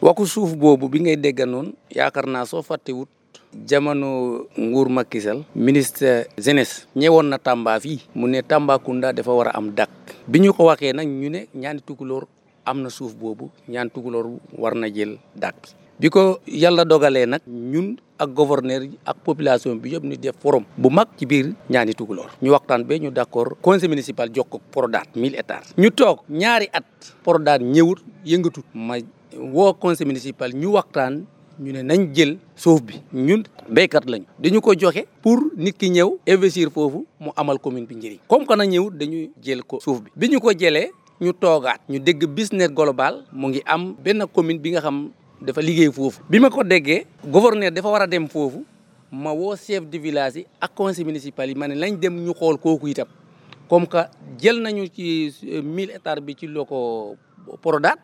waxu suuf boobu bi ngay dégg noonu yaakaar naa soo wut jamono nguur Macky ministre jeunesse ñëwoon na Tamba fi mu ne Tambacounda dafa war a am dak bi ñu ko waxee nag ñu ne ñaani tukulóor am na suuf boobu ñaan tukulóor war na jël dàq bi. bi ko yàlla dogalee nag ñun ak gouverneur ak population bi yëpp ñu def forum bu mag ci biir ñaani tukulóor ñu waxtaan bee ñu d' accord conseil municipal jokkoog Prodac 1000 hectares. ñu toog ñaari at Prodac ñëwut yëngatut ma woo conseil municipal ñu waxtaan. ñu ne nañ jël suuf bi ñun béykat lañu dañu ko joxe pour nit ki ñëw investir foofu mu amal commune bi njëriñ comme que na ñëwut dañuy jël ko suuf bi ñu toogaat ñu dégg business global mu ngi am benn commune bi nga xam dafa liggéey foofu. bi ma ko déggee gouverneur dafa war a dem foofu ma woo chef de village yi ak conseil municipal yi ma ne lañ dem ñu xool kooku itam comme que jël nañu ci euh, mille hectares bi ci loko Prodac.